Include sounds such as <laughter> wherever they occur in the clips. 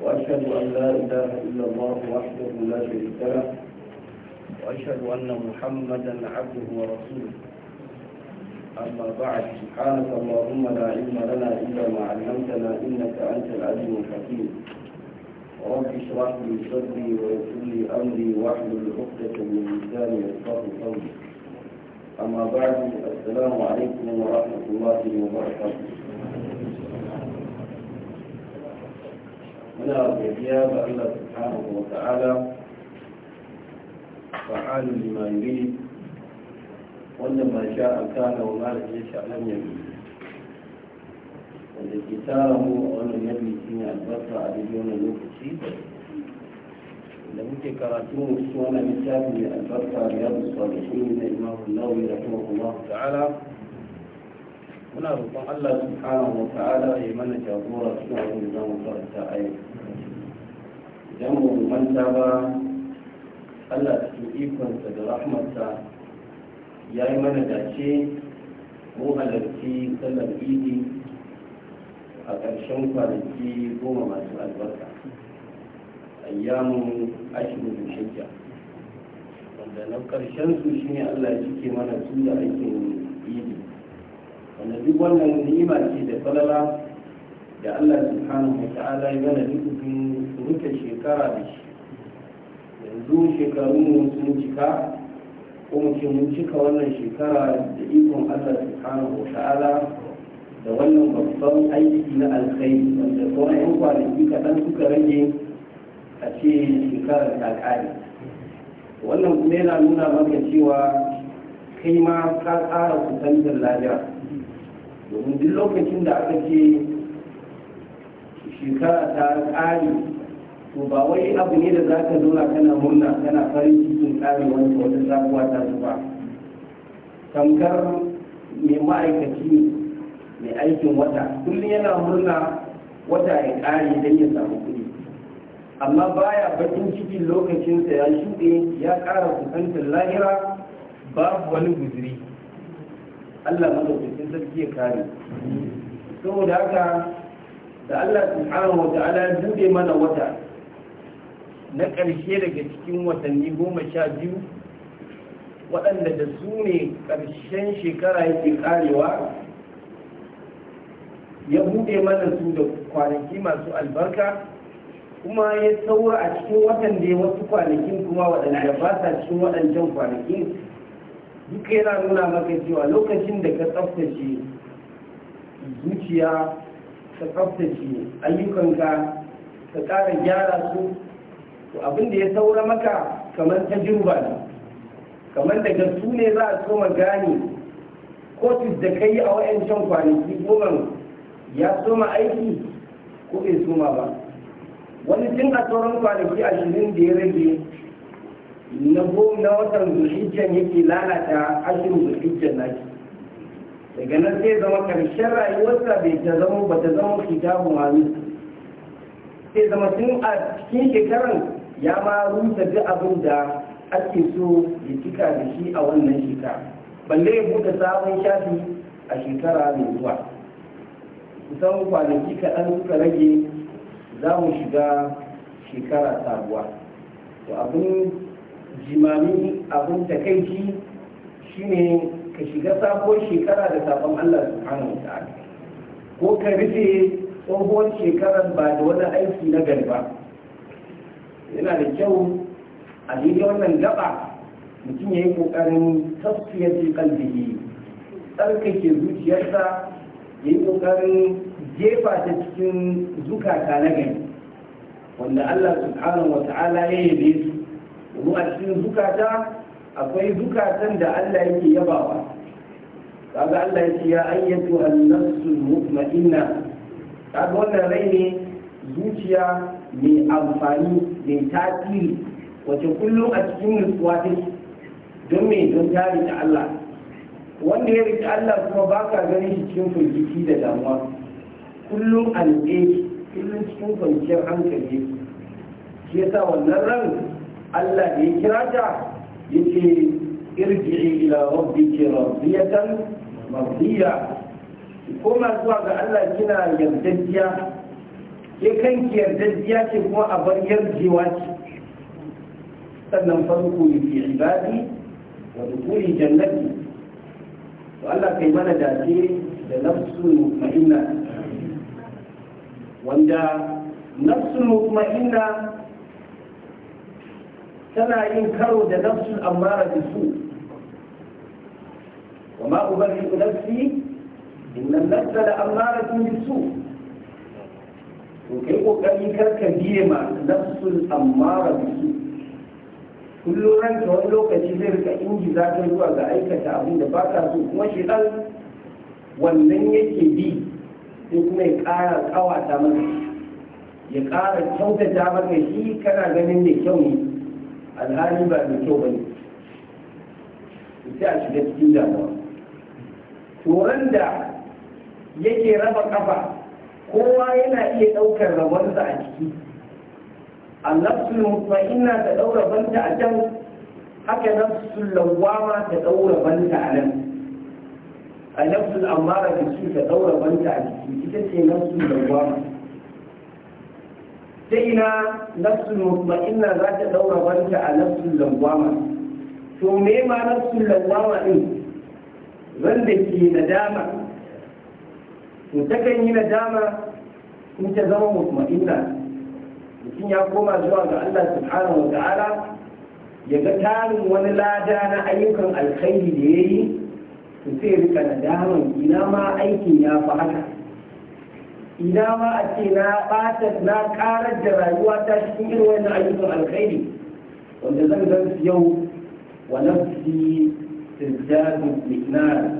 وأشهد أن لا إله إلا الله وحده لا شريك له وأشهد أن محمدا عبده ورسوله أما بعد سبحانك اللهم لا علم لنا إلا ما علمتنا إنك أنت العليم الحكيم رب اشرح لي صدري ويسر لي أمري واحلل عقدة من لساني يفقهوا قولي أما بعد السلام عليكم ورحمة الله وبركاته muna godiya ga Allah subhanahu wa ta'ala fa'alu lima yurid wanda ba sha kana wa ma ya sha nan ya yabi wanda ke tara mu a wannan yabi shine albarka a duk wannan lokaci da muke karatu mu cikin wannan littafi mai albarka riyadu salihin na imamu nawawi rahimahullahu ta'ala muna roƙon Allah subhanahu wa ta'ala ya mana jagora cikin abin da zamu karanta idan mu manta ba Allah cikin ikonsa da rahmarsa ya yi mana dace mu halarci sallar idi a ƙarshen kwanaki goma masu albarka ayyamun ashirin da shajja wanda na ƙarshen su shine Allah ya cike mana su da aikin wanda duk wannan ni'ima ce da falala da Allah subhanahu wa ta'ala ya duk dukkan muka shekara da shi yanzu shekaru sun cika ko mu ce mun cika wannan shekara da ikon Allah subhanahu wa ta'ala da wannan babban aiki na alkhairi wanda sauran yan kwanaki kaɗan suka rage a ce shekarar ta ƙare wannan kuma yana nuna maka cewa kai ma ka ƙara kusantar lafiya domin duk lokacin da aka ce shekara ta ƙare to ba wai abu ne da za ka zauna kana murna kana farin cikin ƙare wani wata sabuwa ta zuba tamkar mai ma'aikaci mai aikin wata kullum yana murna wata ya ƙare don ya samu kuɗi amma baya bakin cikin lokacinsa ya shuɗe ya ƙara kusantar lahira babu wani guzuri Allah madaukakin sarki ya kare saboda haka da Allah subhanahu wa ta'ala bude mana wata na ƙarshe daga cikin watanni goma sha biyu waɗanda da su ne ƙarshen shekara yake karewa ya bude mana su da kwanaki masu albarka kuma ya saura a cikin watan da wasu kwanakin kuma waɗanda ba sa cikin waɗancan kwanakin duka yana nuna maka cewa lokacin da ka tsaftace zuciya ka tsaftace ayyukanka ka ƙara gyara su to abin da ya saura maka kamar ta jirba ne kamar daga sune za a soma gane kotis da ka yi a wa'ancan kwanaki goma ya soma aiki ko bai soma ba wani tun a sauran kwanaki ashirin da ya rage na na watan zulhijjan yake lalata ashirin zulhijjan naki daga nan sai zama karshen rayuwarsa bai ta zama ba ta zama kitabu mami sai zama tun a cikin shekaran ya ma rusa duk abin da ake so ya cika da shi a wannan shekara balle ya buɗe sabon shafi a shekara mai zuwa kusan kwanaki kaɗan suka rage za mu shiga shekara sabuwa to abin jimami abin takaici shine ka shiga sabon shekara da sabon Allah subhanahu wa ta'ala ko ka rufe tsohon shekarar ba da wani aiki na garba yana da kyau a daidai wannan gaba mutum ya yi kokarin tafsiyar kalbihi tsarkake zuciyarsa ya yi kokarin jefa ta cikin zukata na gari wanda Allah subhanahu wa ta'ala ya yi su mu a cikin zukata akwai zukatan da Allah yake yabawa kaga Allah yake ya ayyatu an-nafsul mutma'inna kaga wannan rai ne zuciya mai amfani mai tasiri wace kullum a cikin nutsuwa take don me don ta rike Allah wanda ya rike Allah kuma ba ka ganin shi cikin firgici da damuwa kullum alƙe kullum cikin kwanciyar hankali shi yasa wannan ran Allah ya kira ta yace irji'i ila rabbiki radiyatan mardiya koma zuwa ga Allah kina yardajjiya ke kanki yardajjiya ce kuma a bar yarjewa ce sannan farko ne fi ibadi wa dukuri jannati to Allah kai mana dace da nafsu mutma'inna wanda nafsu mutma'inna tana yin karo da nafsun amara da su wa ma ku nafsi innan nafsa da amara da su to kai kokari kar ka biye ma nafsun amara da su kullum ranka wani lokaci zai rika za ta zuwa ga aikata abin da ba ta so kuma shi dan wannan yake bi sai kuma ya kara kawata maka ya kara kyautata maka shi kana ganin da kyau ne alhali ba mai kyau ba ne sai a shiga cikin damuwa turan da yake raba kafa kowa yana iya ɗaukar rabonsa a ciki annabtul mutmainna ta ɗaura banta a can haka nafsul lawama ta ɗaura banta a nan a nafsul amara da su ta ɗaura banta a ciki ita ce nafsul lawama ta ina nafsul mutma'inna za ta daura banta a nafsul lawwama to me ma nafsul lawwama din wanda ke nadama to takan yi nadama in ta zama mutma'inna mutum ya koma zuwa ga Allah subhanahu wa ta'ala ya ga tarin wani lada na ayyukan alkhairi da ya yi to sai rika nadama ina ma aikin ya fi haka ina ma a ce na ɓata na ƙarar da rayuwa ta cikin irin wannan ayyukan alkhairi wanda zan gan yau wa nafsi tirzadu minar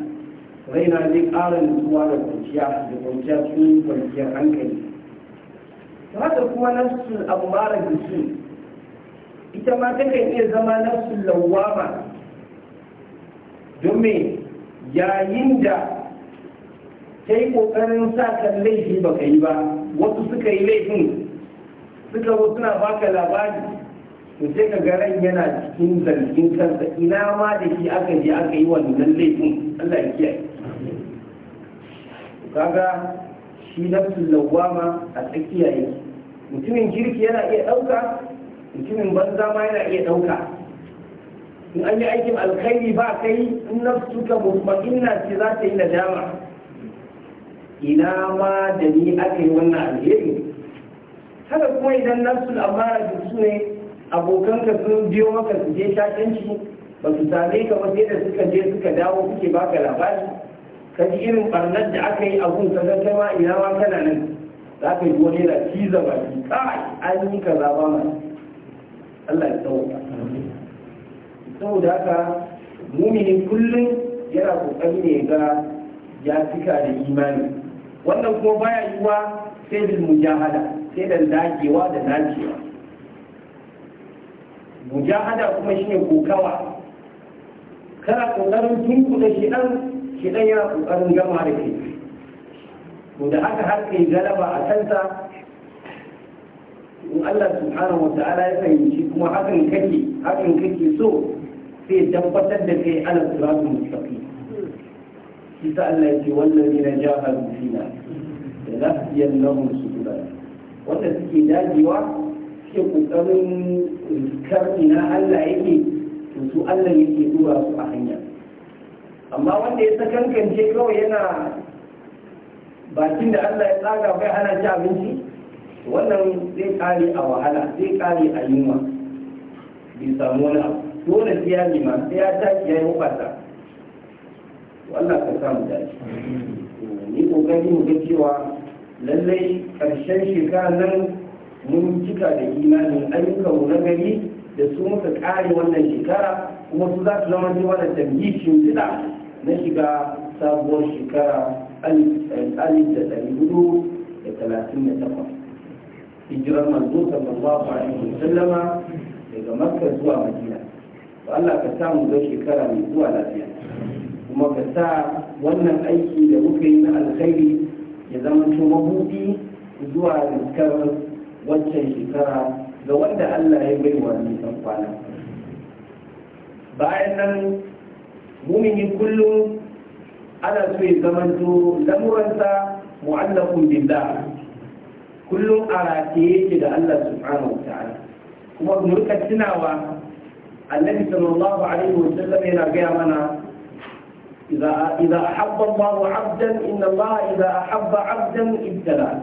raina zai ƙara nutsuwa da kwanciya da kwanciya cikin kwanciyar hankali haka kuma nafsul ammara bisu ita ma takan iya zama nafsul lawwama don me yayin da ta yi ƙoƙarin sa kan laifi ba ka yi ba wasu suka yi laifin suka zo suna baka labari to sai ka garan yana cikin zargin kansa ina ma da shi aka je aka yi wannan laifin Allah ya kiyaye kaga shi nafsul lawama a tsakiya yake mutumin kirki yana iya ɗauka mutumin banza ma yana iya ɗauka in an yi aikin alkhairi ba kai in nafsuka mutmainna ce za ta yi nadama ina ma da ni aka yi wannan alheri haka kuma idan nasu amara da su ne abokanka sun biyo maka su je shashanci ba su same ka ba sai suka je suka dawo suke baka labari ka ji irin barnar da aka yi abun ka ga ma ina ma kana nan za ka yi wani na ciza ba ki kai an yi ka zaba ma Allah ya tsawata saboda haka mumini kullum yana kokari ne ga ya cika da imani wannan kuma baya yiwa sai bil mujahada sai da dagewa da dacewa mujahada kuma shine kokawa kana kokarin da shi dan shi dan yana kokarin gama da ke to da aka har kai galaba a kansa in Allah subhanahu wa ta'ala ya fahimci kuma hakan kake hakan kake so sai tabbatar da kai ala siratul mustaqim shi ta Allah yake wannan ne na jahar fina da lafiyar namun su kula wanda suke dajewa suke kokarin rikar ina Allah yake to su Allah yake dora su a hanya amma wanda ya sakankance kawai yana bakin da Allah ya tsaga bai hana ci abinci wannan zai kare a wahala zai kare a yunwa bai samu wani abu dole sai ya nema sai ya tashi ya yi Allah ka samu dace ni kokari mu ga cewa lallai ƙarshen shekara nan mun cika da imanin ayyukanmu na gari da su muka ƙare wannan shekara kuma su za su zama cewa da tambayi shimfiɗa na shiga sabuwar shekara alif da ɗari hudu da talatin da takwas hijirar manzo sallallahu alaihi wasallama daga makka zuwa madina to Allah ka samu ga shekara mai zuwa lafiya kuma ka sa wannan aiki da muka yi na alkhairi ya zama mabuɗi zuwa riskar waccan shekara ga wanda Allah ya bai wa nisan kwana bayan nan mumini kullum ana so ya zamanto lamuransa mu'allakun billah kullum a yake da Allah subhanahu wa ta'ala kuma mu rika tunawa annabi sallallahu alaihi wa sallam yana gaya mana إذا إذا أحب الله عبدا إن الله إذا أحب عبدا ابتلاه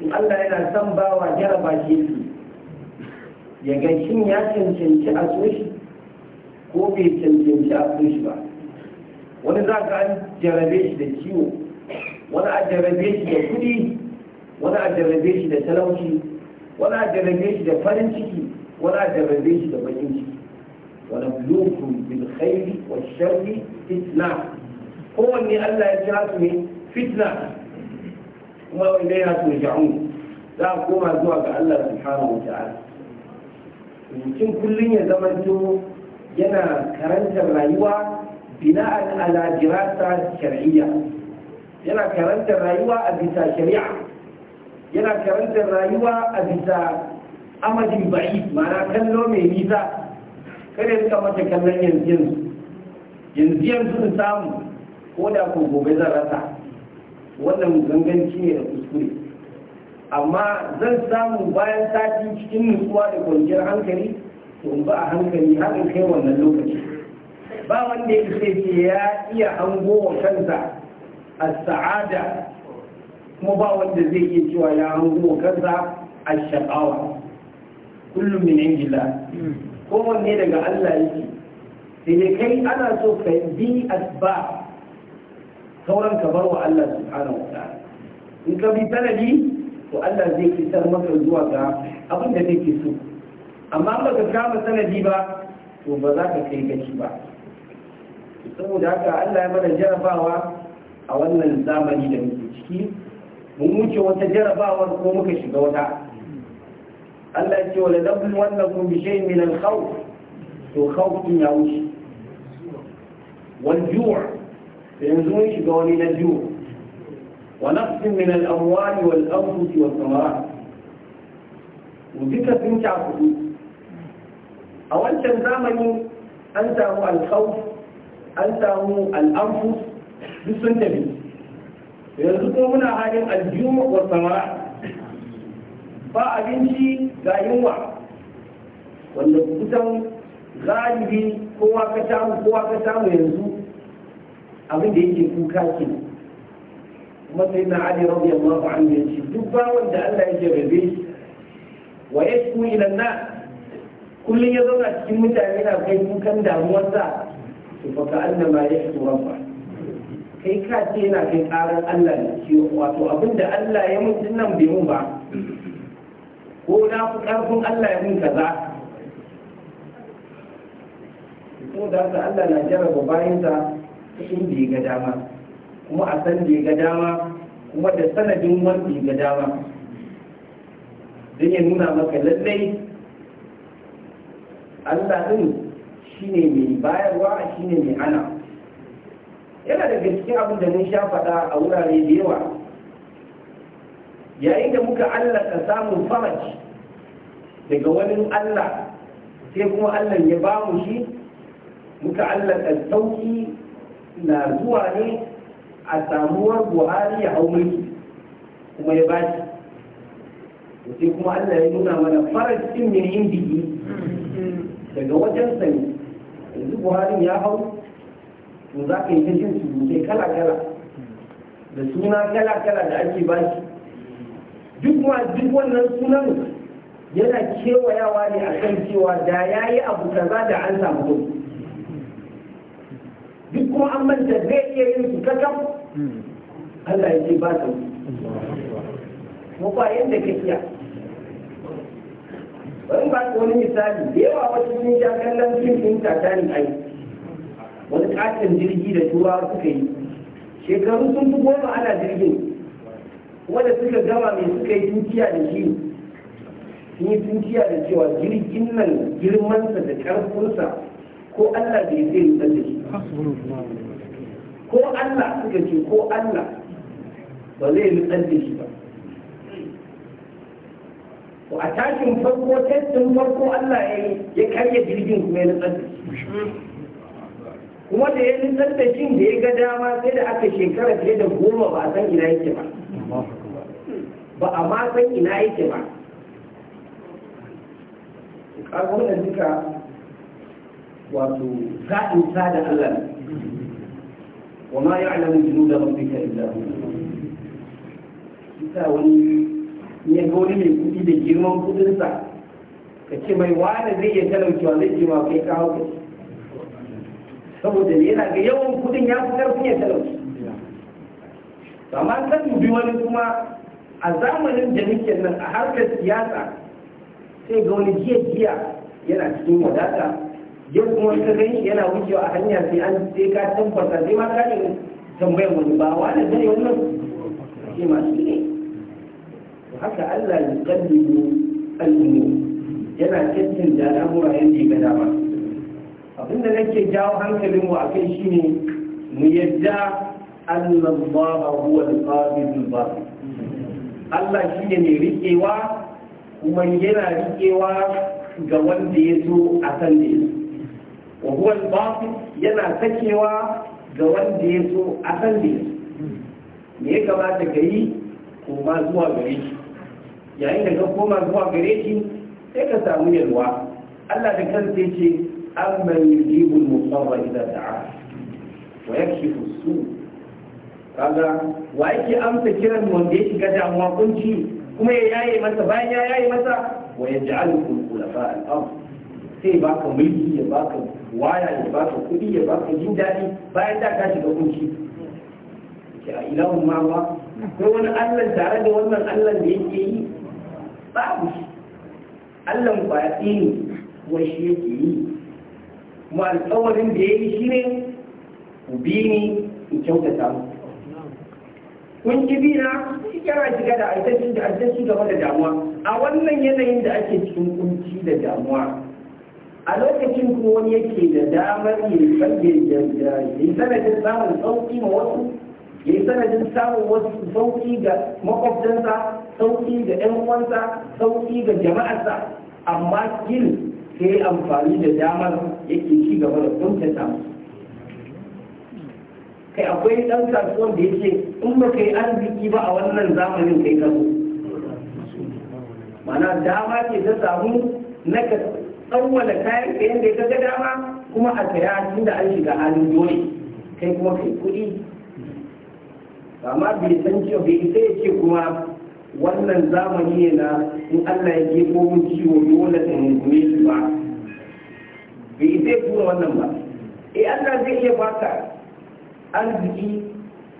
in Allah yana son bawa jaraba shi su ya ga shin ya cancanci a ko bai cancanci a ba wani za ka an jarabe da ciwo wani a jarabe shi da kuɗi wani a da talauci wani a da farin ciki wani a da bakin wani bulukum wa sharri fitna kowanne Allah ya kira su ne fitna kuma wanda ya su ja'un za a koma zuwa ga Allah subhanahu wa ta'ala mutum kullum ya to yana karantar rayuwa bina'an ala dirasa shar'iyya yana karantar rayuwa a bisa shari'a yana karantar rayuwa a bisa amadin ba'i ma'ana kallo mai nisa kada ya rika mata kallon yanzu yanzu yanzu in samu ko da ko gobe zan rasa wannan ganganci ne da kuskure amma zan samu bayan sati cikin nutsuwa da kwanciyar hankali to in ba a hankali har in kai wannan lokaci ba wanda ya ce ya iya hango wa kansa a sa'ada kuma ba wanda zai iya cewa ya hango wa kansa a sha'awa kullum min ingila hmm. kowanne daga Allah yake sai dai kai ana so ka yi bi asba sauran ka bar wa Allah subhanahu wa ta'ala in ka bi sanadi to Allah zai fitar maka zuwa ga abin da kake so amma ba ka kama sanadi ba to ba za ka kai gaci ba saboda haka Allah ya mana jarabawa a wannan zamani da muke ciki mun wuce wata jarabawar ko muka shiga wata Allah ya ce wa ladablu wannakum bi shay'in min al-khawf to khawfin ya wuce والجوع فينزون شكوان إلى الجوع ونقص من الأموال والأنفس والثمرات وذكر بنت عبدو أولا زمن أنت هو الخوف أنت هو الأنفس بالسنتبه يرزقون هنا هذه الجوع والثمرات فأبنتي لا ينوع wanda kusan galibi kowa ka samu kowa ka samu yanzu abin da yake kuka ke kuma sai na ali radiyallahu mafi ya ce duk ba wanda Allah ya rabe shi wa ya yashku ila na? kullum ya zauna cikin mutane na kai kukan damuwarsa to fa ka annama yashku ba kai ka ce yana kai karar Allah ne shi wato abin da Allah ya mun nan bai mun ba ko na fi karfin Allah ya mun kaza ko da haka Allah na jarraba bayansa cikin da ya ga dama kuma a san da ya ga dama kuma da sanadin wanda ya ga dama don ya nuna maka lallai Allah ɗin shi ne mai bayarwa shi ne mai ana yana da cikin abin da mun sha faɗa a wurare da yawa yayin da muka allaka samun faraci daga wani Allah sai kuma Allah ya ba mu shi muka allaka sauki na zuwa ne a samuwar buhari ya hau mulki kuma ya bashi sai kuma allah ya nuna mana mai yin biki daga wajen sani yanzu buhari ya hau to za ka yi ta jin surutai kala-kala da suna kala-kala da ake bashi duk duk wannan sunan yana kewayawa ne a kan cewa da ya yi abu kaza da an samu kuɗi kuma an manta zai iya yin su kakam Allah ya ce ba ta mu ba yanda ka iya bari ba ku wani misali da yawa wasu sun sha kallon fim din tatanin ai wani katin jirgi da turawa suka yi shekaru sun fi goma ana jirgin wanda suka gama mai suka yi tunkiya da shi sun yi tunkiya da cewa jirgin nan girmansa da ƙarfinsa ko Allah bai zai yi da shi ko Allah suka ce ko Allah ba zai nutsar da shi ba ko a tashin farko testin farko Allah ya yi ya karya jirgin kuma ya nutsar da shi kuma da ya nutsar da shi da ya ga dama sai da aka shekara fiye da goma ba a san ina yake ba ba a ma san ina yake ba kaga duka wato sa'in sa da Allah wa ma ya'lamu junuda rabbika illa hu kisa wani ya ga wani mai kudi da girman kudinsa? ka ce mai wani zai talauki wa, zai ji ma kai kawo ka saboda ne yana ga yawan kudin ya fi karfin ya talauce amma kan dubi wani kuma a zamanin da muke nan a harkar siyasa sai ga wani jiya jiya yana cikin wadata yau kuma ka gani yana wucewa a hanya sai an sai ka tabbata sai ma ka ne tambayar wani ba wani zai wannan shi ma shi ne haka Allah ya kallibu al'ummu yana cikin da al'amura yadda ya gada ba abinda nake jawo hankalin mu akai shine mu yadda Allah huwa al-qabidu ba basir Allah shine mai rikewa kuma yana rikewa ga wanda ya zo a san da ya wa huwa yana sakewa ga wanda ya so a san da me ya kamata ka yi ma zuwa gare shi yayin da ka koma zuwa gare shi sai ka samu yalwa Allah da sai an yace amman yujibu al idan da a wa ke su kaga wa yake amsa kiran wanda ya shiga damuwa kunci kuma ya yaye masa bayan ya yaye masa wa yaj'alukum kula al al'amu sai baka mulki ya baka waya ya baka kuɗi ya baka jin daɗi bayan da ka shiga kunci ke a ilahu ma ba ko wani allah tare da wannan allah da yake yi babu shi allah kwaɗi ne kuma shi yake yi kuma alƙawarin da ya yi shi ne ku bi ni in kyautata mu kun ki bi na shi kira shiga da aikacin da aikacin game da damuwa a wannan yanayin da ake cikin kunci da damuwa a lokacin kuma wani yake da damar ya sanadin samun sauki ma wasu ya yi sanadin samun wasu sauƙi ga makwabtansa sauƙi ga 'yan uwansa sauƙi ga jama'arsa amma kin ke amfani da damar yake ci gaba da kuntata kai akwai ɗan kasuwan da yake in ba kai arziki ba a wannan zamanin kai kazo mana dama ce ta samu na tsawwala kayan ka yadda ka ga dama kuma a saya da an shiga halin dole kai kuma kai kuɗi ma bai san cewa bai isa ya ce kuma wannan zamani ne na in Allah ya jefo mun ciwo dole in gume su ba bai isa ya tura wannan ba eh Allah zai iya baka arziki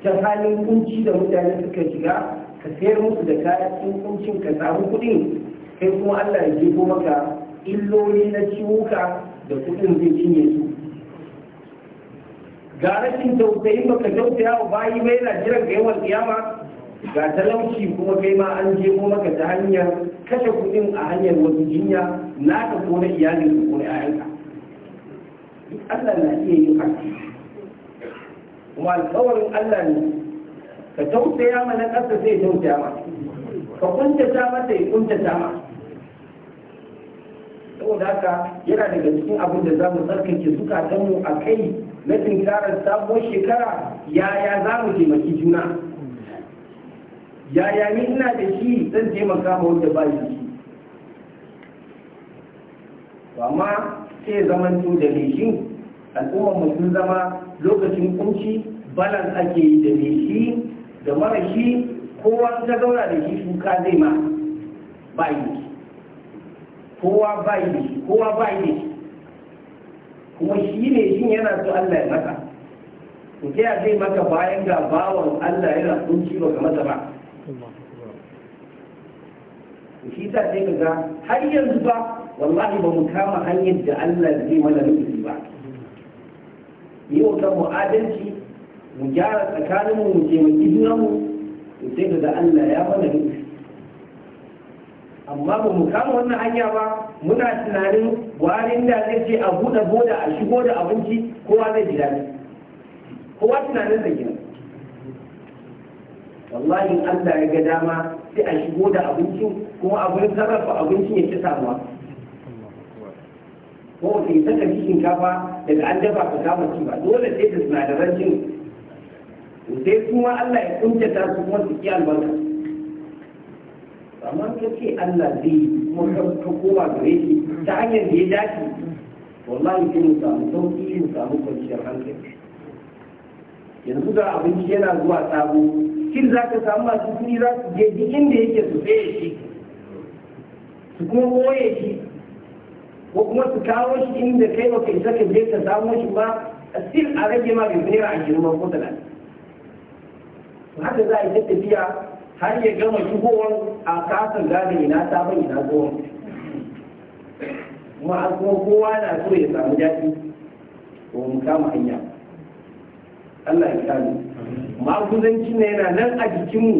ta halin kunci da mutane suka shiga ka sayar musu da kayan kuncin ka samu kuɗin kai kuma Allah ya jefo maka illoli na ciwuka da kudin zai cinye su ga rashin tausayi baka tausaya wa bayi mai na jiran ga yawan kiyama ga talauci kuma kai ma an je maka ta hanyar kashe kudin a hanyar wasu jinya na ko na iyalin su ko na ƴaƴanka Allah na iya yin haka kuma alkawarin Allah ne ka tausaya ma na ƙasa sai tausaya ma ka kunta ta mata ya ta mata saboda haka yana daga cikin abin da za mu tsarkake mu a kai na tinkarar sabuwar shekara yaya za mu taimaki juna yaya ni ina da shi zan taimaka ma wanda ba shi amma sai zaman to da shi al'ummar mu sun zama lokacin kunci balan ake yi da shi da mara shi kowa ta zauna da shi shuka zai ma ba yi kowa bai da shi kowa bai da shi kuma shi ne shi yana so Allah ya maka to ta ya maka bayan ga bawan Allah yana shi ba kamar ba shi ta ce ka ga har yanzu ba wallahi ba mu kama hanyar da Allah zai mana nufi ba yau kan mu adalci mu gyara tsakaninmu mu mu junanmu mu sai ga Allah ya mana nufi amma ba mu kama wannan hanya ba muna tunanin wani da zai ce a buɗe boda a shigo da abinci kowa zai ji daɗi kowa tunanin da gina wallahi Allah ya ga dama sai a shigo da abincin kuma abin sarrafa abincin ya ci samuwa ko sai saka shinkafa daga an dafa ka kama ci ba dole sai da sinadaran cin sai kuma Allah ya kuntata su kuma su ki albarka amma ka ce Allah zai yi kuma ka koma gare shi ta hanyar da ya dace wallahi sai mu samu sauki mu samu kwanciyar hankali yanzu ga abinci yana zuwa sabo shin za ka samu masu kuri za su je duk inda yake su tsaye shi su kuma koye shi ko kuma su kawo shi inda kai ba kai saka je ka samo shi ba still a rage ma bai naira ashirin ba ko talatin haka za a yi ta tafiya har ya gama shigowar a kasar gane ina sabon ina zuwa kuma an kuma kowa na so ya samu daɗi ko mu kama hanya Allah ya ma maguzanci ne yana nan a jikinmu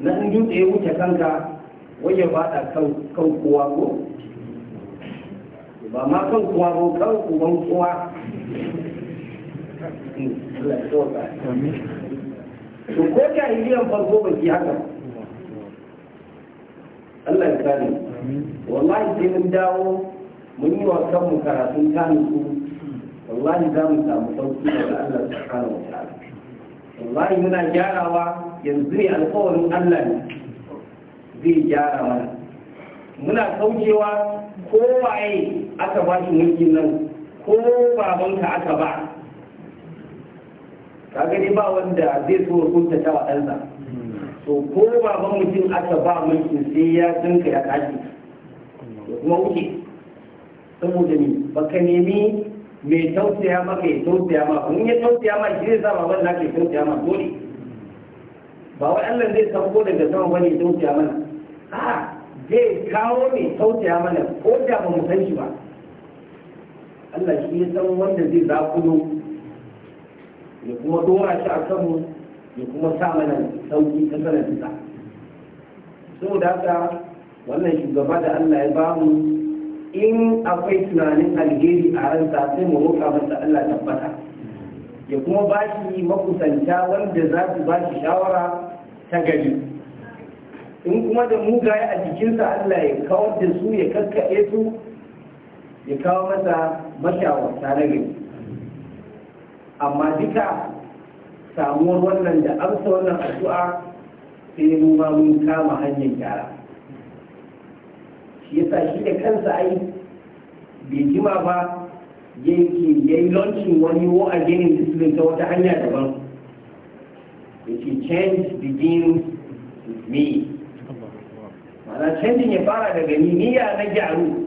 na in dutse ya wuce kanka wai ya fada kan kowa ko ba ma kan kowa ko kan uban kowa <laughs> Allah ya to ko jahiliyan farko ba ki haka Allah ya kare wallahi sai mun dawo mun yi wa kanmu karatun kanu su wallahi za mu samu sauki daga Allah subhanahu wa ta'ala wallahi muna gyarawa yanzu ne alƙawarin Allah ne zai gyara mana muna kaucewa waye aka ba shi mulkin nan ko babanka aka ba ka gani ba wanda zai so hukunta ta wa to ko ba mutum aka ba mulkin sai ya tsinka ya kashi to kuma wuce saboda ni baka nemi mai tausaya maka ya tausaya ma in ya tausaya ma shi zai sa baban na ke tausaya ma dole ba wai Allah zai sauko daga sama bane ya tausaya mana a zai kawo ne tausaya mana ko da ba mu san shi ba Allah shi ya san wanda zai zakuno ya kuma dora shi a kanmu ya kuma sa mana sauki ta sanadinsa saboda haka wannan shugaba da Allah ya bamu in akwai tunanin alheri a ransa sai mu roƙa masa Allah tabbata ya kuma ba shi makusanta wanda za su ba shi shawara ta gari in kuma da mugaye a jikinsa Allah ya kawar da su ya kakkaɓe su ya kawo masa mashawarta na gari amma duka samuwar wannan da amsa wannan addu'a sai mu ma mun kama hanyar gyara shi yasa shi da kansa ai bai jima ba yake yayi launching wani wo a ginin discipline ta wata hanya daban yake change begins with me ma'ana canjin ya fara daga ni niyya na gyaru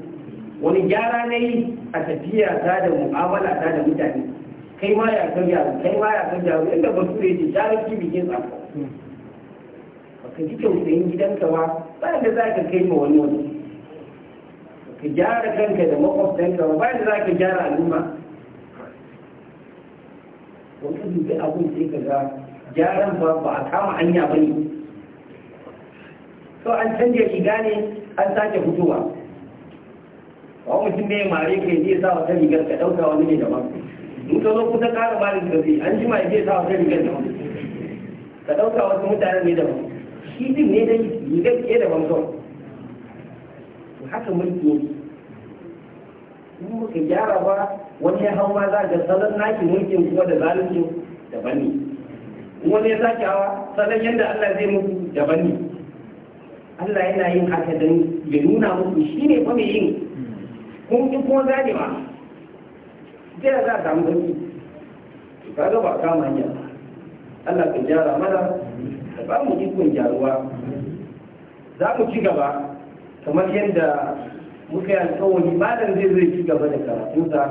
wani gyara na yi a tafiya ta da mu'amala ta da mutane kai ma ya san yaro kai ma ya san yaro inda ba su yake ce jarabci bikin sa ka ji tausayin gidanka ba ba da za ka kai ma wani wani ka gyara kanka da makwabtanka ba ba da za ka gyara al'umma wata dubi abin sai ka ga gyaran ba ba a kama hanya ba ne so an canja shiga ne an sake fitowa ba mutum ne mare ka yi sa wata rigar ka ɗauka wani ne daban in ka zo kusa kara ba da gaske an ji ma ya sa wata rigar da ka ɗauka wasu mutanen ne daban shi din ne dai rigar ke daban kawai to haka mulki yake Mun muka gyara ba wani ya hau ma za ga salon naki mulkin kuma da zalunci daban ne wani ya sake hawa salon yadda Allah zai muku daban ne Allah yana yin haka don ya nuna muku shi ne fa mai yin kun ki kuma gane ma jiya za a samu sauki ka ga ba kama hanya Allah ka gyara mana da ba mu ikon gyaruwa za mu ci gaba kamar yadda muka yi alkawari malam zai zai ci gaba da karatunsa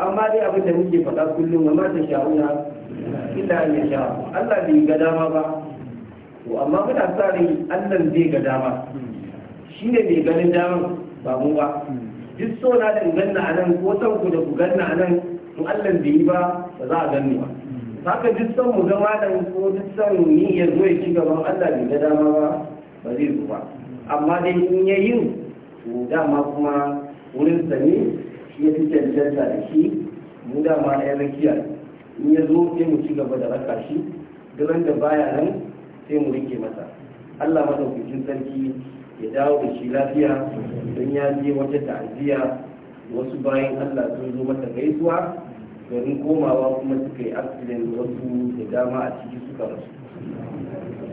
amma dai abin da muke faɗa kullum wa mata sha'una illa ya sha Allah bai ga dama ba to amma muna sa rai Allah zai ga dama shine mai ganin dama ba mu ba duk so na da ganna a nan ko san ku da ku ganna a nan in Allah bai yi ba ba za a ganni ba haka duk san mu zama malam ko duk san ni ya zo ya ci gaban Allah bai ga dama ba ba zai zo ba amma dai in ya yi to dama kuma wurin sa ne shi ya fi cancanta da shi mu dama ya rakiya in ya zo sai mu ci gaba da raka shi duk da baya nan sai mu rike masa Allah madaukakin sarki ya dawo da shi lafiya don ya je wata ta'aziyya wasu bayan allah sun zo mata gaisuwa domin komawa kuma suka yi accident wasu da dama a ciki suka rasu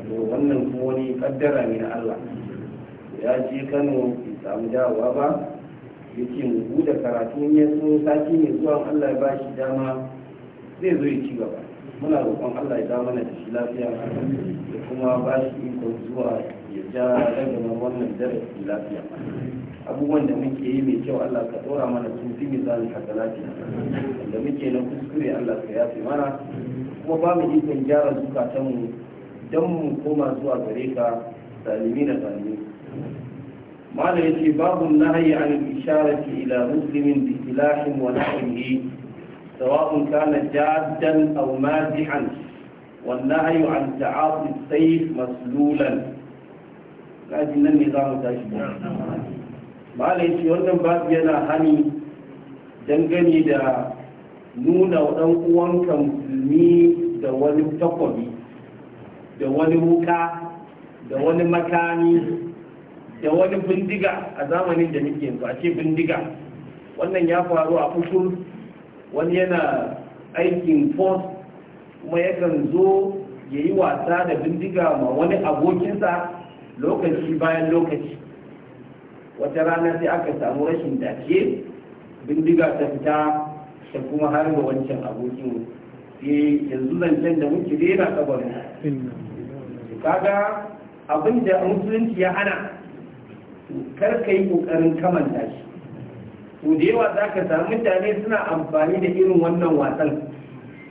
to wannan kuma wani kaddara ne na allah ya je kano bai samu dawowa ba ya ce mu buɗe karatu ya so sati mai zuwa allah ya ba shi dama zai zo ya ci gaba muna roƙon allah ya dawo mana da shi lafiya da kuma ba shi ikon zuwa ja dangane wannan darasi lafiya abubuwan da muke yi mai kyau Allah ka dora mana sun fi haka lafiya da muke na kuskure Allah ka yafe mana kuma ba mu ikon gyara zukatanmu don mu koma zuwa gare ka zalimi na zalimi malam yace babu nahyi an isharati ila muslimin bi silahin wa nahyihi sawa'un kana jaddan aw mazihan والنهي عن تعاطي السيف مسلولا kaji nan ne za mu tashi ba da yake wannan babu yana hani dangane da nuna ɗan uwan musulmi da wani takwabi da wani wuka da wani makami da wani bindiga a zamanin da nake yanzu a ce bindiga wannan ya faru a kusur wani yana aikin force kuma yakan zo ya yi wasa da bindiga ma wani abokinsa lokaci bayan lokaci wata rana sai aka samu rashin dace bindiga ta fita ta kuma har da wancan abokin sai yanzu zancen da muke rera kabarin kaga abin da musulunci ya hana kar ka yi kokarin kamanta shi to da yawa za ka samu mutane suna amfani da irin wannan wasan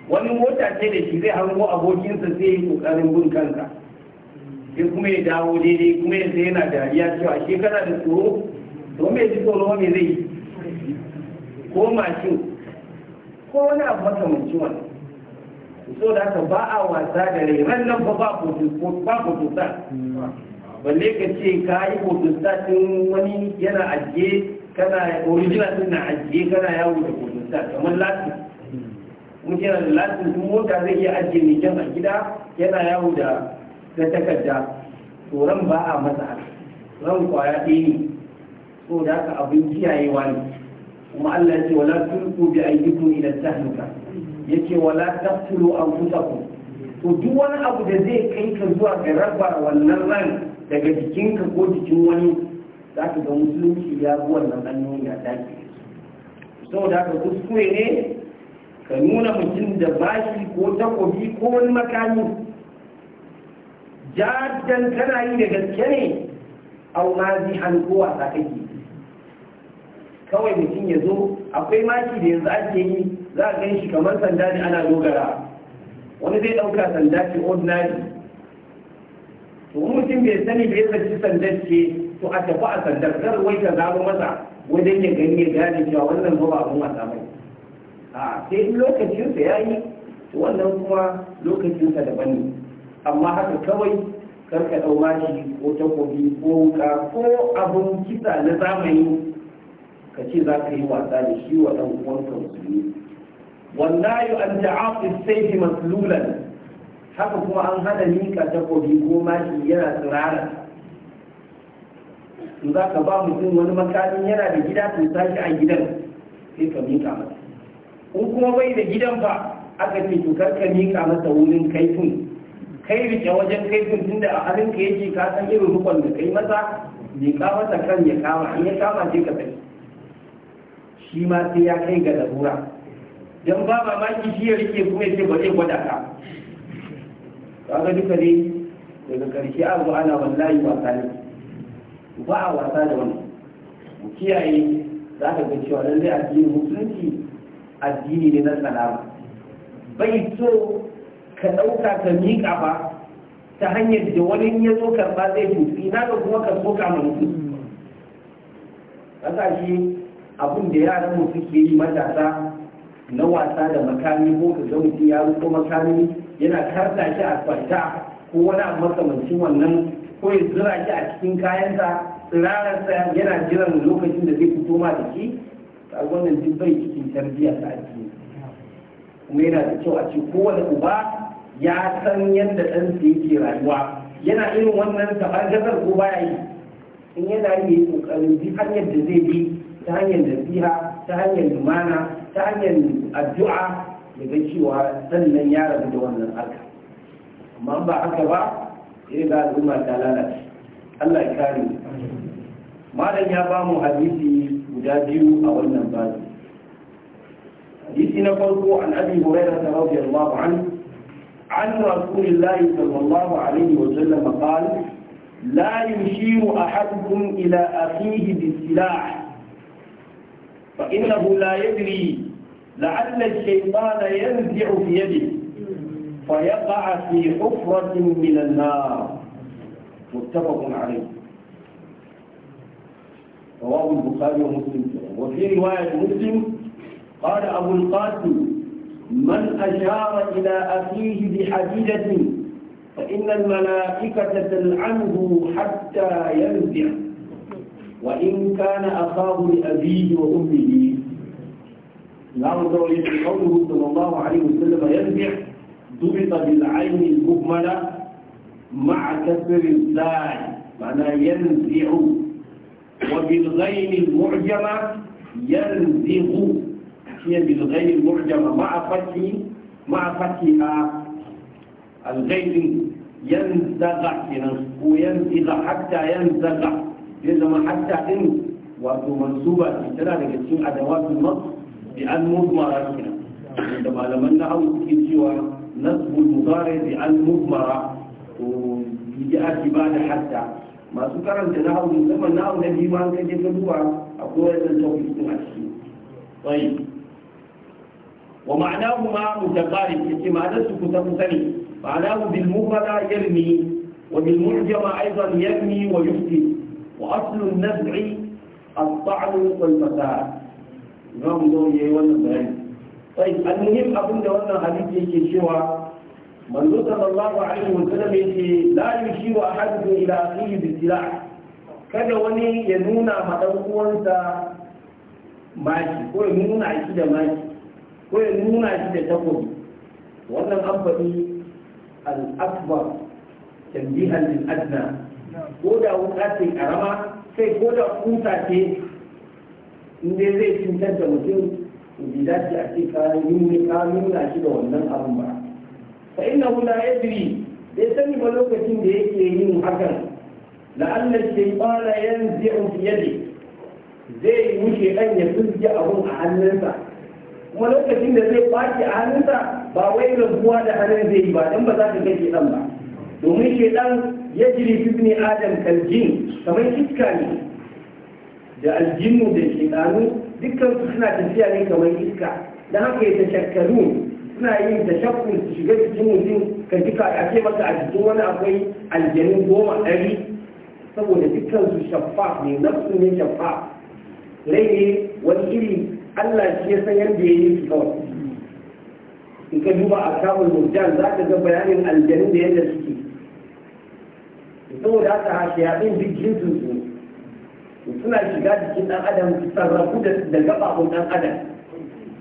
wani mota ce da shi zai hango abokinsa zai yi kokarin bin kanka sai kuma ya dawo daidai kuma yanzu yana dariya cewa shi kana da tsoro to me ji tsoro me zai ko mashin ko wani abu manci wani so da haka ba a wasa da rai ran nan ba ba fotosta balle ka ce ka yi fotosta din wani yana ajiye kana original din na ajiye kana yawo da sa kamar latin mun yana da latin mota zai iya ajiye mai kyan a gida yana yawo da na takarda to ran ba a masa ran kwaya ɗaya ne so da haka abin kiyaye wani kuma Allah ya ce wala tulku bi aydikum ila tahnuka yace wala taqtulu anfusakum to duk wani abu da zai kai ka zuwa ga raba wannan ran daga jikinka ko jikin wani za ka ga musulunci ya bi wannan hanyoyi ya dace saboda haka kuskure ne ka nuna mutum da bashi ko takobi ko wani makami jaddan kana yi da gaske ne a mazihan ko wasa kake kawai mutum ya zo akwai maki da yanzu ake yi za a gan shi kamar sanda ne ana dogara wani zai ɗauka sanda ce ordinary to mutum bai sani bai zaci sanda ce to a tafi a sanda kar wai ka zama masa wajen ya gani ya gane cewa wannan zuwa abin wasa mai a sai lokacinsa ya yi to wannan kuma lokacinsa daban ne amma haka kawai karka ɗau mashi ko takobi ko wuka ko abin kisa na zamani ka ce za ka yi wasa da shi wa ɗan uwanka musulmi yi an ta'aqis sayfi maslulan haka kuma an hana mika takobi ko mashi yana tsirara in za ka ba mutum wani makami yana da gida to sashi a gidan sai ka mika masa in kuma bai da gidan ba aka ce to karka mika masa wurin kaifin kai rike wajen kai tun da a halin ka yake ka san irin rukun da kai masa bai ka masa kan ya kama in ya kama sai ka sani shi ma sai ya kai ga larura don ba mamaki shi ya rike kuma ya ce ba zai gwada ka ga duka ne daga karshe a zo ana wallahi wasa ne ba a wasa da wani mu kiyaye za ka ga cewa lallai addini musulunci addini ne na salama bai so ka ɗauka ka miƙa ba ta hanyar da wani ya zo karɓa zai cutu ina ga kuma ka soka ma mutum ƙasashe abin da yaran mu suke yi matasa na wasa da makami ko ka ga mutum ya ruko makami yana karta shi a kwanta ko wani abu makamancin wannan ko ya zura shi a cikin kayansa tsirararsa yana jiran lokacin da zai fito ma da shi a wannan duk bai cikin tarbiyyar ta addini kuma yana da kyau a ce kowane uba ya san yadda ɗan su yake rayuwa yana irin wannan tabargazar ko baya yi in yana yi kokarin duk hanyar da zai bi ta hanyar nasiha ta hanyar lumana ta hanyar addu'a da ga cewa sannan ya rabu da wannan arka amma ba haka ba sai ga al'umma ta lalace Allah ya kare malam ya ba mu hadisi guda biyu a wannan su hadisi na farko an abi hurairah radiyallahu anhu عن رسول الله صلى الله عليه وسلم قال لا يشير أحدكم إلى أخيه بالسلاح فإنه لا يدري لعل الشيطان ينزع في يده فيقع في حفرة من النار متفق عليه رواه البخاري ومسلم وفي رواية مسلم قال أبو القاسم من أشار إلى أخيه بحديدة فإن الملائكة تلعنه حتى ينزع وإن كان أخاه لأبيه وأمه الإمام نعم، الدولي قوله صلى الله عليه وسلم ينزع ضبط بالعين المهملة مع كسر الزاي معناه ينزع وبالغين المعجمة ينزغ هي بالغير المحجمة مع فتح مع فتحها آه، الغير ينزغ وينزغ حتى ينزغ يلزم حتى إن وأنتم منسوبة في ثلاثة كتير أدوات النص بأن مضمرة كنا عندما لم نعود في سوى نصب المضارع بأن مضمرة وفي جهة بعد حتى ما سكر أنت نعود من ثم نعود نجي مع الكتير كبوة أقول إذا نشوف طيب wa ma'anahu ma mutaqarib yace ma'anar su kusa kusa ne ma'anahu bil mufrada yarmi wa bil mu'jama aidan yarmi wa yufti wa aslu an-naz'i at-ta'n wal fasad zamu zo yayi wannan bayani sai al-muhim abinda wannan hadisi yake cewa manzo sallallahu alaihi wa sallam yace la yushiru ahadun ila akhihi bi silah kada wani ya nuna ma dan uwansa maki ko ya nuna shi da maki ko ya nuna shi da takobi wannan an faɗi al'akbar tambihan lil adna ko da wuta ce karama sai ko da kuta ce inda zai cutar da mutum bi za a ce ka nuna shi da wannan abun ba fa inna la yadri bai sani ba lokacin da yake yin hakan la'alla shaytana yanzi'u fi yadi zai wuce dan ya fulge abun a hannunsa kuma lokacin da zai kwace a hannunsa ba wai rabuwa da hannun zai yi ba don ba za ka kai shedan ba domin shedan ya jiri fi adam kaljin kamar iska ne da aljinnu da shedanu dukkan su suna tafiya ne kamar iska don haka ya tashakkaru suna yin tashakkun su shiga cikin mutum ka ji ka ake maka a jikin wani akwai aljanu goma ɗari saboda dukkan su shaffa ne nafsu ne shaffa rai ne wani iri Allah shi ya san yadda ya yi su kawai in ka duba a samun murjan za ka ga bayanin aljanu da yadda suke saboda haka ɗin duk jinsin su suna shiga jikin ɗan adam sarrafu da gaɓaɓun ɗan adam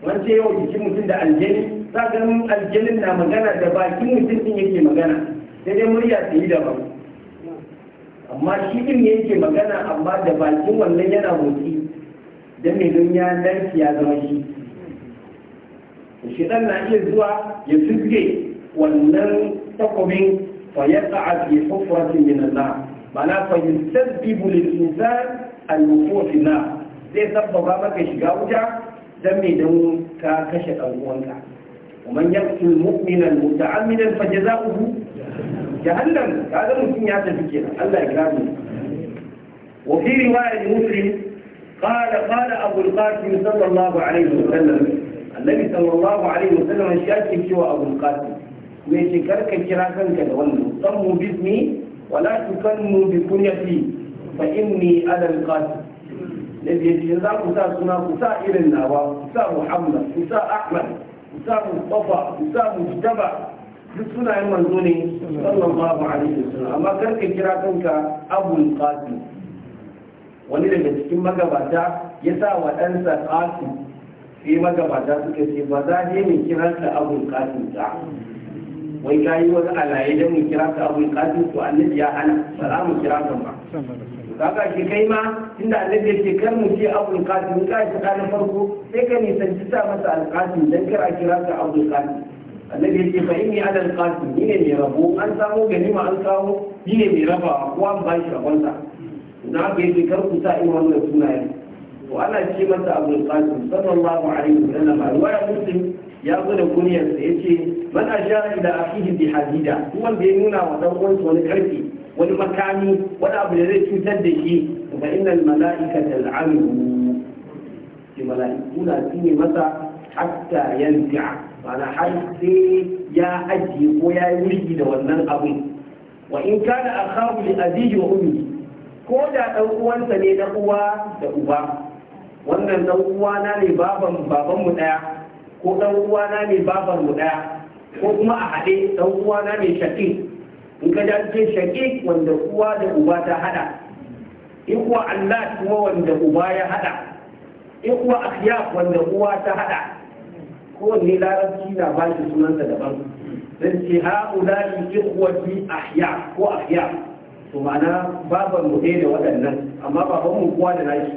wance yau jikin mutum da aljani za ganin aljanin na magana da bakin mutum ɗin yake magana sai dai murya su yi daban amma shi ɗin ne yake magana amma da bakin wannan yana motsi don mai dunya narki ya zama shi shi na iya zuwa ya suke wannan takwamin fa ya ta'a fi hukwarsin yana na ba na fa yi sabbi insan al na zai sabbaba maka shiga wuta don mai don ka kashe ɗan'uwanka kuma ya fi mu'minan muta'aminan fa ya za'uhu jahannan ka zama mutum ya tafi kenan allah ya gani wa fi riwayar muslim قال قال أبو القاسم صلى الله عليه وسلم النبي صلى الله عليه وسلم شاكي سوى أبو القاسم من شكرك شراكا كدولنا سموا باسمي ولا تكنوا بكنيتي فإني أنا القاسم الذي يجزا كسا سنا كسا إلنا وكسا محمد كسا أحمد كسا مصطفى كسا مجتبى duk sunayen manzo ne sallallahu alaihi wasallam amma karka kira kanka abul qasim wani daga cikin magabata ya sa wa ɗansa ƙasim sai magabata suka ce ba za ne mai kira ka abu ƙasin ta wai ka yi wani alaye don mai kira ka abul qasim to annabi ya hana ba za mu kira ka ba kaga shi kai ma inda annabi ya ce kar mu ce abul qasim ka shi na farko sai ka ne san ta masa alƙasin don dan kar a kira ka abu ƙasin annabi ya ce fa inni ala al ni ne mai rabo an samu ganima an samu ni ne mai rabawa ko an bashi rabonsa na haka kar ku sa in wannan sunayen to ana ce masa abul qasim sallallahu alaihi wa sallam riwaya muslim ya gwada kuniyar sa yace man ashara ila akhihi bi hadida kuma da ya nuna wa dan uwansa wani karfi wani makami wani abu da zai cutar da shi fa innal malaikata al'amu ki mala'iku na tsine masa hatta yanzi'a ma'ana har sai ya ajiye ko ya yi wurgi da wannan abin. wa in kana akhahu li abihi wa ummihi ko da ɗan uwansa ne na uwa da uba wannan ɗan na ne baban baban mu ɗaya ko ɗan na ne baban mu ɗaya ko kuma a haɗe ɗan na ne shaƙi in ka da ce shaƙi wanda uwa da uba ta haɗa ikuwa Allah kuma wanda uba ya haɗa ikuwa akhyaf wanda uwa ta haɗa kowanne larabci na ba shi sunansa daban zan ce ha'ula ikhwati ahya ko ahya to ma'ana baban mu ɗaya da waɗannan amma baban mu kuwa da nashi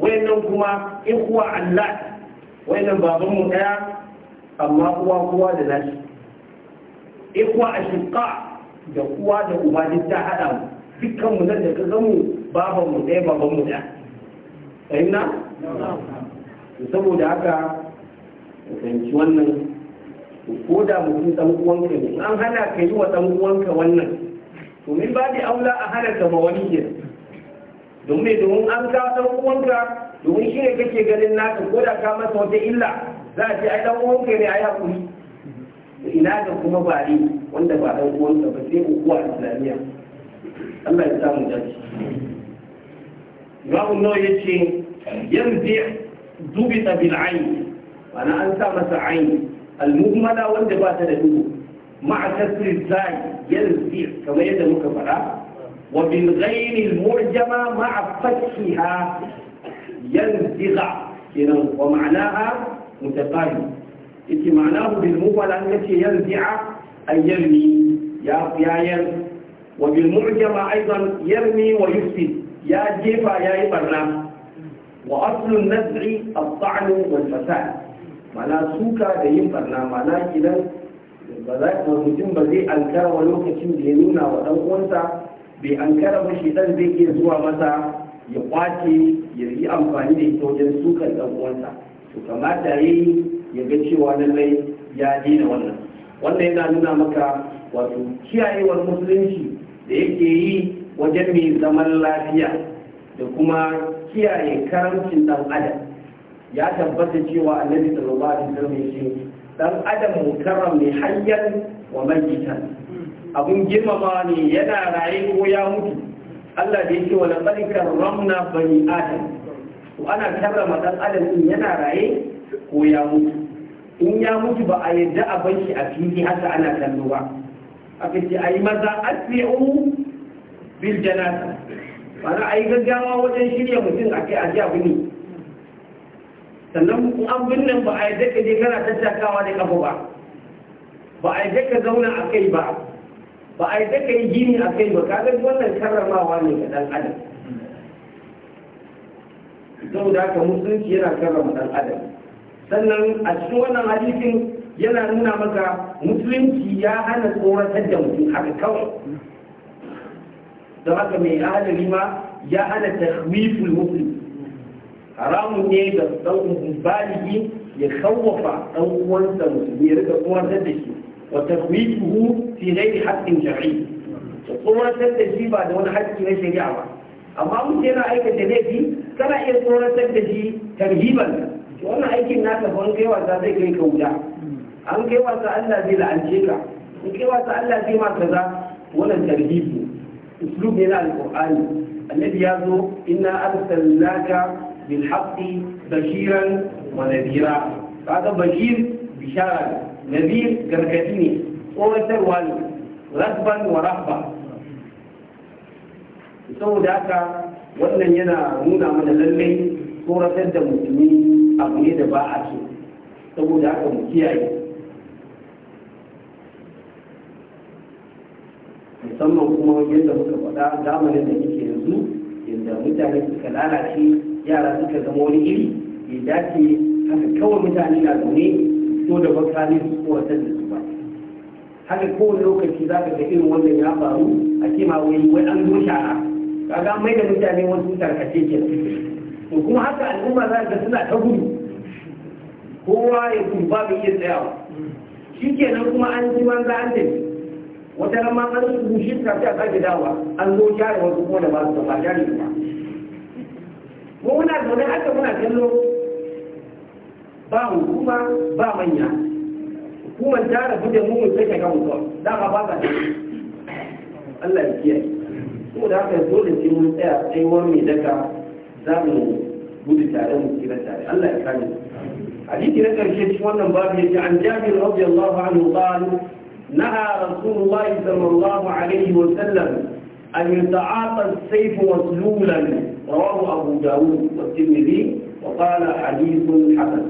wayannan kuma in kuwa Allah wayannan baban mu ɗaya amma kuwa kuwa da nashi in kuwa ashiqa da kuwa da uba duk ta haɗa mu dukkan mu nan da ka zamu baban mu ɗaya baban mu ɗaya fahimna saboda haka mu fahimci wannan ko da mutum ɗan uwanka ne an hana ka yi wa ɗan uwanka wannan to min babi aula a hana gama wani domin domin an ka ɗan uwanka domin shi ne kake ganin naka ko da ka masa wata illa za a ce ai ɗan uwanka ne ai hakuri ina da kuma bare wanda ba ɗan uwanka ba sai ukuwa islamiyya Allah ya samu dace Imam Nawawi yace yanzu dubita bil ayn ma'ana an sa masa ayn al-mujmala wanda ba ta da dubu ma'a kasri zai yanzu kamar yadda muka faɗa wa bil ghairi murjama ha fathiha yanziga kenan wa ma'anaha mutaqarrib yake ma'anahu bil mufala an yace yanzi'a a yarmi ya yayar wa bil murjama aidan yarmi wa yufsid ya jefa ya yi barna wa aslu an-naz'i at-ta'n wal fasad mana suka da yin barna mana idan ba za ka mutum ba zai ankara wa lokacin da ya nuna wa ɗan uwansa bai ankara ba shi ɗan zai iya zuwa masa ya kwace ya yi amfani da ita wajen sukar ɗan uwansa to kamata ya yi ya ga cewa lallai ya daina wannan wannan yana nuna maka wato kiyayewar musulunci da yake yi wajen mai zaman lafiya da kuma kiyaye karamcin ɗan adam ya tabbata cewa annabi sallallahu alaihi wasallam ya ce dan adam mukarram ne hanyar wa mayyitan abun girmama ne yana raye ko ya mutu Allah da yake wa laqad karramna bani adam to ana karrama dan adam din yana raye ko ya mutu in ya mutu ba a yadda a bar shi a fili haka ana kallo ba aka ce ayi maza asbi'u bil janaza ma'ana ayi gaggawa wajen shirya mutum akai a ji abu ne sannan an binne ba a yadda ka je kana tattakawa da kafa ba ba a yadda ka zauna a kai ba ba a yadda ka yi gini a kai ba kaga wannan karramawa ne ga dan adam da haka musulunci yana karrama dan adam sannan a cikin wannan hadisin yana nuna maka musulunci ya hana tsoratar da mutum haka kawai don haka mai adali ma ya hana tahwiful musulunci. haramun ne ga ɗan baligi ya kawafa ɗan uwansa musulmi ya rika kuma da shi wa tarwiquhu fi ghairi haqqin shar'i ya kuma da shi ba da wani haƙƙi na shari'a ba amma mutum yana aikata laifi kana iya tsoratar da shi tarhiban wannan aikin naka fa an kai wasa zai kai ka wuta an kai wasa Allah zai la'ance ka in kai wasa Allah zai ma kaza wannan tarhibu uslub ne na alqur'ani annabi ya zo inna arsalnaka bil bashiran wa nadira kaga bashir bishara nadir gargadi ne tsoratarwa ne rasban wa rahba saboda haka wannan yana nuna mana lallai tsoratar da musulmi abu ne da ba a so saboda haka mu kiyaye musamman kuma yadda muka faɗa zamanin da muke yanzu yadda mutane suka lalace yara suka zama wani iri bai dace haka kawai mutane na zaune so da ne su kowa da su ba haka kowane lokaci za ka ga irin wannan ya faru a ce ma wai wai an zo shara kaga mai da mutane wasu tarkace ke to kuma haka al'umma za ka suna ta gudu kowa ya gudu ba mai iya tsayawa shi kenan kuma an ji banza an tafi wata rama an su bushe kafin a sake dawa an zo share wasu kuma da ba su da ba jari ba mu muna zaune haka muna kallo ba kuma ba manya hukumar ta rabu da mu mu sake kan hukuma dama ba ka Allah ya kiyaye da haka dole sai mun tsaya tsayuwar mai daga za mu gudu tare mu kira tare Allah ya kare hadisi na karshe cikin wannan babu yace an jabir radiyallahu anhu qala نهى رسول الله صلى الله عليه وسلم أن يتعاطى السيف مسلولا رواه أبو داود والترمذي وقال حديث حسن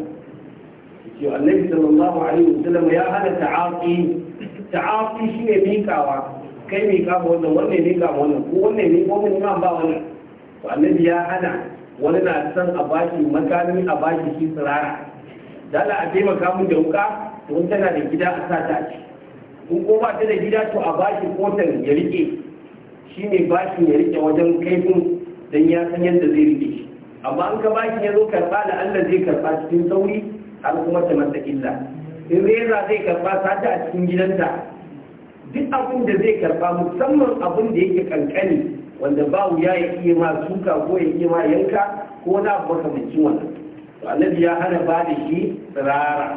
النبي صلى الله عليه وسلم يا هذا تعاطي تعاطي شيء ميكاوا كي ميكاوا وانا وانا ميكاوا وانا وانا ميكاوا وانا ميكاوا وانا والنبي يا هذا wani na san a bashi makami a bashi shi tsirara da za a taimaka mun da wuka tana da gida a sa ko ba ta da gida to a bashi kotan ya rike shi ne ya rike wajen kaifin dan ya san yadda zai rike shi amma an ka baki ya karba da Allah zai karba cikin sauri har kuma ta masa illa in reza zai karba sata a cikin gidanta duk abin da zai karba musamman abin da yake kankani wanda ba wuya ya iya ma suka ko ya iya ma yanka ko na abu makamancin wannan to annabi ya hana ba da shi tsirara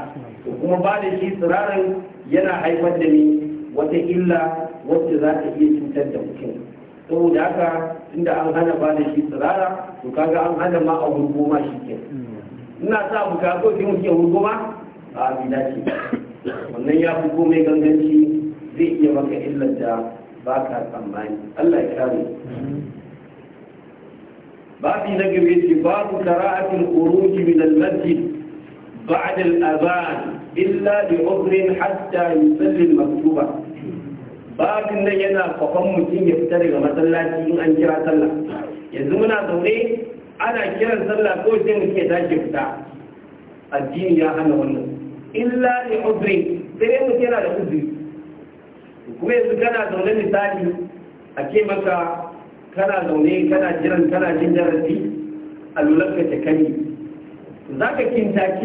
to kuma ba da shi tsiraran yana haifar da ni wata illa wacce za ta iya cutar da mutum saboda haka inda an hana ba da shi tsirara to kaga an hana ma a hurgoma shi ke ina sa abu ka kawai mu ke hurgoma a abida ce wannan ya fi komai ganganci zai iya maka illar da ba ka tsammani allah ya kare babi na gabe ce babu kara'atin uruji min al-masjid ba'da al-adhan illa bi udhrin hatta yusalli al-maktuba bakin nan yana kwafan mutum ya fita daga masallaci in an kira sallah yanzu muna zaune ana kiran sallah ko sai mu ke tashi fita addini ya hana wannan illa ni udri sai mu kira yana da udri kuma yanzu kana zaune misali a ce maka kana zaune kana jiran kana jin jarabi a lulanka ta kai za ka ki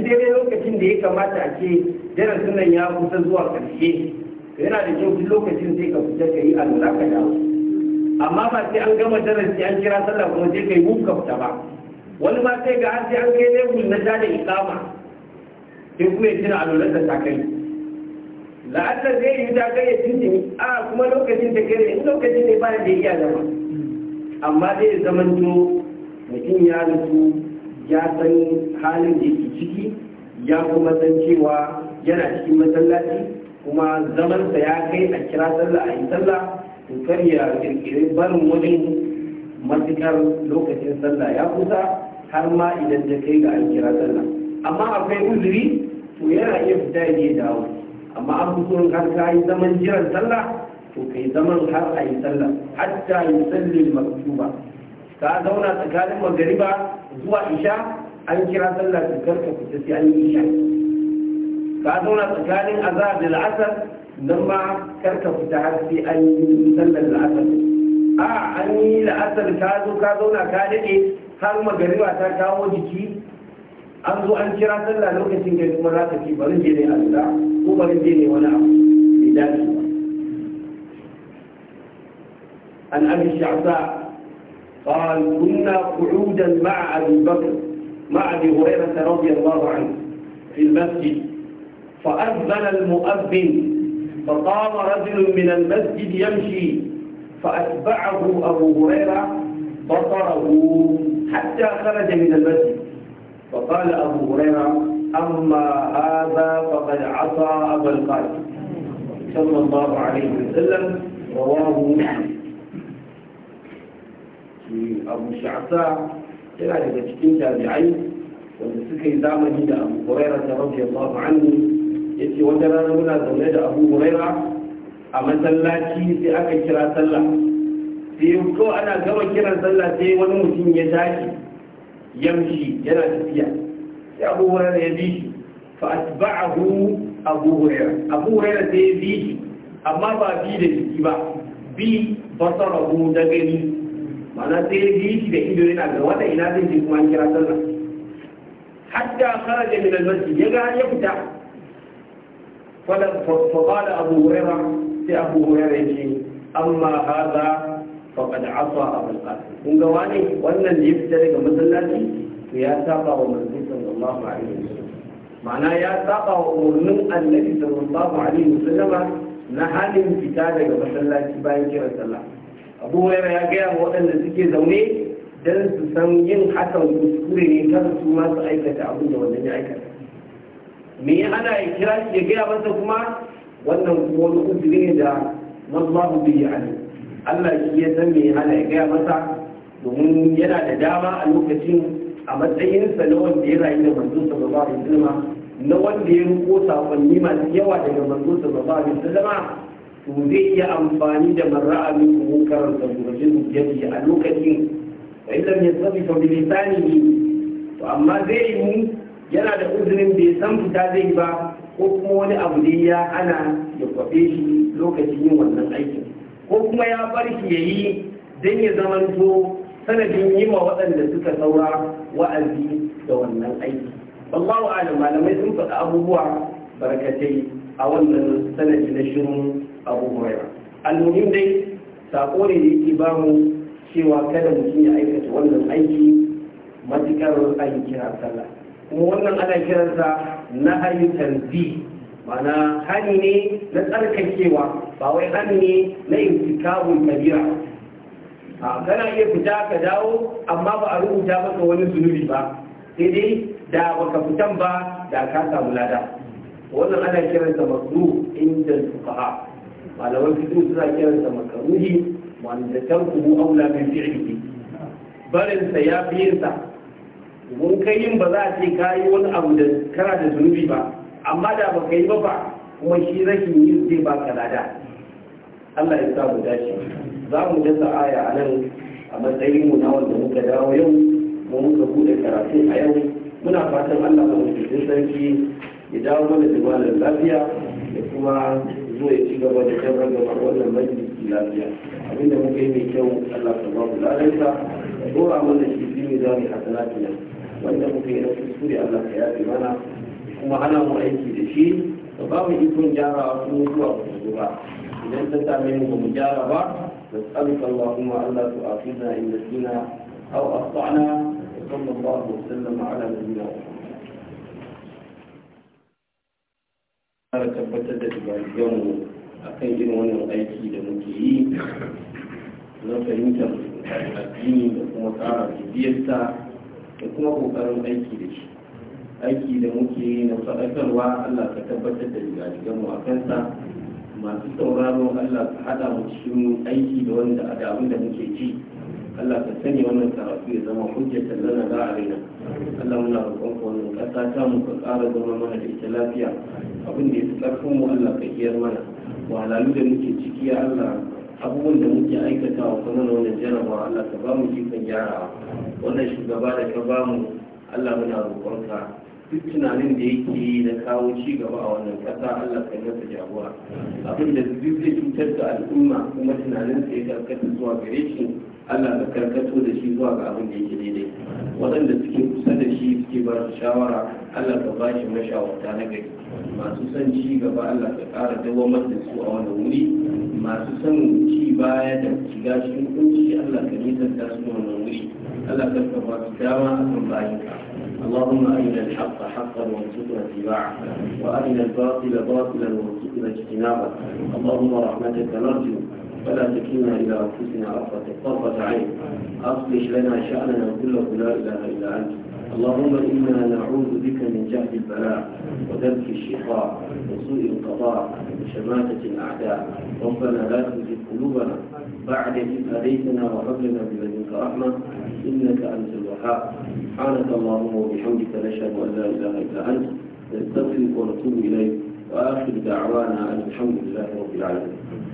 daidai lokacin da ya kamata a ce darasin nan ya kusa zuwa ƙarshe yana da kyau duk lokacin sai ka fita ka yi alwala ka dawo amma ba sai an gama darasi an kira sallah kuma sai ka yi ka fita ba wani ma sai ga har sai an kai lebul na da ikama sai kuma ya tuna alwala da takai la'adda zai yi ta kai ya tuntuni a kuma lokacin da kai in lokacin ne ba da iya zama amma zai to mutum ya nutsu ya san halin da yake ciki ya kuma san cewa yana cikin masallaci kuma zamansa ya kai a kira sallah a yi sallah to kar ya kirkiri barin wajen matukar lokacin sallah ya kusa har ma idan ta kai ga an kira sallah amma akwai uzuri to yana iya fita ya je dawo amma an fito har ka yi zaman jiran sallah to kai zaman har a yi sallah hatta yi sallin maktuba ka zauna tsakanin magariba zuwa isha an kira sallah to karka fita sai an yi isha كانوا كانوا أذاب للعسل لما كركب في أي مثل للعسل أعني آه، العسل كادو كانوا نكالي هل ما قريبا تاكاو جيكي أمزو أن كراس الله لو كتنك المرات في برنجيني أبدا وبرنجيني ولا أبدا لذلك عن أبي الشعصاء قال كنا قعودا مع أبي بكر مع أبي هريرة رضي الله عنه في المسجد فأذن المؤذن فقام رجل من المسجد يمشي فأتبعه أبو هريرة بطره حتى خرج من المسجد فقال أبو هريرة أما هذا فقد عصى أبا القاسم صلى الله عليه وسلم رواه مسلم أبو شعثاء في daga cikin jami'ai wanda suka yi أبو هريرة رضي الله عنه yace wata rana muna zaune da Abu Huraira a masallaci sai aka kira sallah sai ko ana gama kiran sallah sai wani mutum ya tashi yamshi yana tafiya sai Abu Huraira ya bi shi fa atba'ahu Abu Huraira Abu Huraira sai ya bi shi amma ba bi da jiki ba bi basarahu da gani mana sai ya bi shi da ido yana ga wanda ina zai je kuma an kira sallah hatta kharaja min al-masjid ya ga ya fita فقال أبو هريرة في أبو هريرة أما هذا فقد عصى أبو القاسم كن قواني وأن اللي يفترق مثلاتي يا ساقه من صلى الله عليه وسلم معناه يا ساقه ومرنم النبي صلى الله عليه وسلم نحن فتاة مثلاتي باين كيرا صلى أبو هريرة يا قيام وأن سكي زوني dan su san yin hakan kuskure ne kan su masu aikata abin da wannan ya aikata me ya hana ya kira shi ya gaya masa kuma wannan wani uzuri ne da wallahu ya alim Allah shi ya san me ya hana ya gaya masa domin yana da dama a lokacin a matsayinsa na wanda ya rayu da manzo sallallahu alaihi wasallam na wanda ya riko sakonni masu yawa daga manzo sallallahu alaihi wasallam to zai iya amfani da marra'a min mukarar da gurajin yadda a lokacin fa idan ya sabi fa bi lisanihi to amma zai yi yana da uzurin bai san fita zai ba ko kuma wani abu da ya hana ya kwafe shi lokacin yin wannan aikin ko kuma ya bar shi ya yi don ya zamanto sanadin yi wa waɗanda suka saura wa'azi da wannan aiki wallahu alam malamai sun faɗi abubuwa barkatai a wannan sanadi na shirin abu huraira almuhim dai sako ne da yake bamu cewa kada mutum ya aikata wannan aiki matukar an kira sallah kuma wannan ana kiransa na hari tanzi mana hani ne na tsarkakewa ba wai hani ne na intikabun kabira a kana iya fita ka dawo amma ba a rubuta maka wani zunubi ba sai dai da baka fitan ba da ka samu lada wannan ana kiransa makru inda fuqaha malaman fito suna kiransa makaruhi wanda tarkuhu aula min fi'lihi barin barinsa ya fi yinsa mun kai yin ba za a ce ka yi wani abu da kana da zunubi ba amma da ba ka yi ba ba kuma shi rashin yin zai ba ka lada Allah ya sa mu dace za mu dasa aya a nan a matsayin mu na wanda muka dawo yau mu muka bude karatu a yau muna fatan Allah ba mu sarki ya dawo mana da malam lafiya da kuma zo ya ci gaba da kan ragamar wannan majalisi lafiya abinda muka yi mai kyau Allah ta ba mu ko dora mana shi fi mai zami hasanatiyar wanda muka yi na kuskure Allah ka yafe mana kuma hana mu aiki da shi ka ba mu ikon gyarawa kuma zuwa kuskure ba idan ta same mu ba mu gyara ba نسألك اللهم ألا تؤاخذنا إن نسينا أو أخطأنا وصلى الله وسلم على نبينا محمد fara tabbatar da dubargenmu a kan irin wannan aiki da muke yi na fahimtar addini da kuma tsara bibiyarsa da kuma kokarin aiki da shi aiki da muke na faɗakarwa Allah ka tabbatar da rigajigan mu a kansa masu sauraro Allah ka haɗa mu cikin aiki da wanda a damu da muke ji Allah ka sani wannan karatu ya zama hujjatar lana za a raina Allah muna roƙon ka wannan ƙasa ta mu ka ƙara zama mana da ita lafiya abin da ya fi ƙarfin mu Allah ka iyar mana wahalalu da muke ciki ya Allah abubuwan da muke aikatawa kuma na wannan jarabawa Allah ka ba mu ikon gyarawa wannan shugaba da ka ba mu Allah muna roƙonka duk tunanin da yake da kawo ci gaba a wannan kasa Allah kan masa jagora abin da duk zai cutar da al'umma kuma tunanin sa ya karkata zuwa gare shi Allah ka karkato da shi zuwa ga abin da yake daidai waɗanda suke kusa da shi suke ba su shawara Allah ka ba shi mashawarta na gari masu son ci gaba Allah ka ƙara dawamar da su a wannan wuri masu son ci baya da shiga cikin kunci Allah ka nisan su wannan wuri Allah ka ba su dama a kan اللهم أرنا الحق حقا وارزقنا اتباعه وأرنا الباطل باطلا وارزقنا اجتنابه اللهم رحمتك نرجو فلا تكلنا إلى أنفسنا طرفة عين أصلح لنا شأننا كله لا إله إلا أنت اللهم إنا نعوذ بك من جهد البلاء ودرك الشقاء وسوء القضاء وشماتة الأعداء ربنا لا تزغ قلوبنا بعد إذ هديتنا وهب لنا بلدنك رحمة إنك أنت الوهاب سبحانك اللهم وبحمدك نشهد أن لا إله إلا أنت نستغفرك ونتوب إليك وآخر دعوانا أن الحمد لله رب العالمين